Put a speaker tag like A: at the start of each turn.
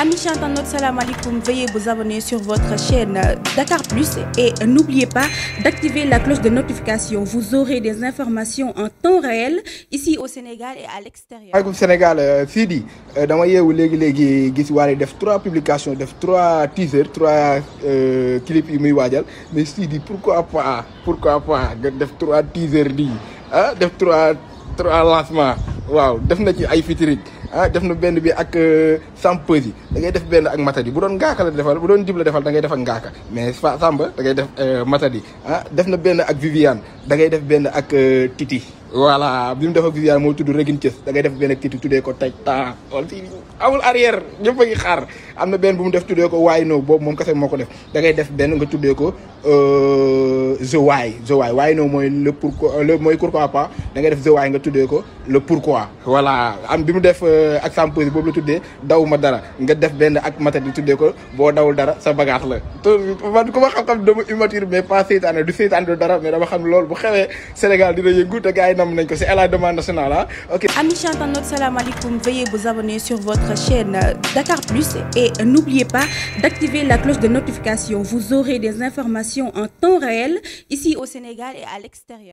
A: Amis chantants, salam alaikum. Veuillez vous abonner sur votre chaîne Dakar Plus et n'oubliez pas d'activer la cloche de notification. Vous aurez des informations en temps réel ici au Sénégal et à l'extérieur.
B: Alaikum Sénégal, euh, Sidi, euh, dama yeewu léegi léegi gis Wally def trois publications def trois teasers trois euh, clips yu muy waajal mais Sidi pourquoi pas pourquoi pas nga def trois teasers di ah def trois trois lancements waaw def na ci ay featuring. ah def na benn bi ak euh, sampes yi da ngay def benn ak matadi bu doon ngaaka la defal bu doon dib la defal da ngay def ak ngaaka mais samba da ngay def euh, matadi ah def na benn ak Viviane da ngay def benn ak euh, titi. voilà bi mu def ak Viviane moo tudd Regine Thiès da ngay def benn ak titi tuddee ko taj taa wala fii amul arrière ñëpp xaar am na benn bu mu def tuddee ko waay no boobu moom kese moo ko def da ngay def benn nga tuddee ko euh, the why the why waay no mooy le pourquoi euh, le mooy pourquoi pas da ngay def the why nga tuddee ko le pourquoi. voilà am bi mu def ak sam posé boobu la tuddee daw ma dara nga def benn ak matat di tuddee ko boo dawul dara sa bagaat la. te man ku ma xam-xam dama immature mais pas seytaane du dara mais dama xam lool xewee Sénégal dina yëngu te gars yi nam nañ ko c'est à la demande
A: nationale ah ok. amis chantants salaamaaleykum veuillez vous abonner sur votre chaîne Dakar Plus et n'oubliez pas d'activer la cloche de notification vous aurez des informations en temps réel ici au Sénégal et à l'extérieur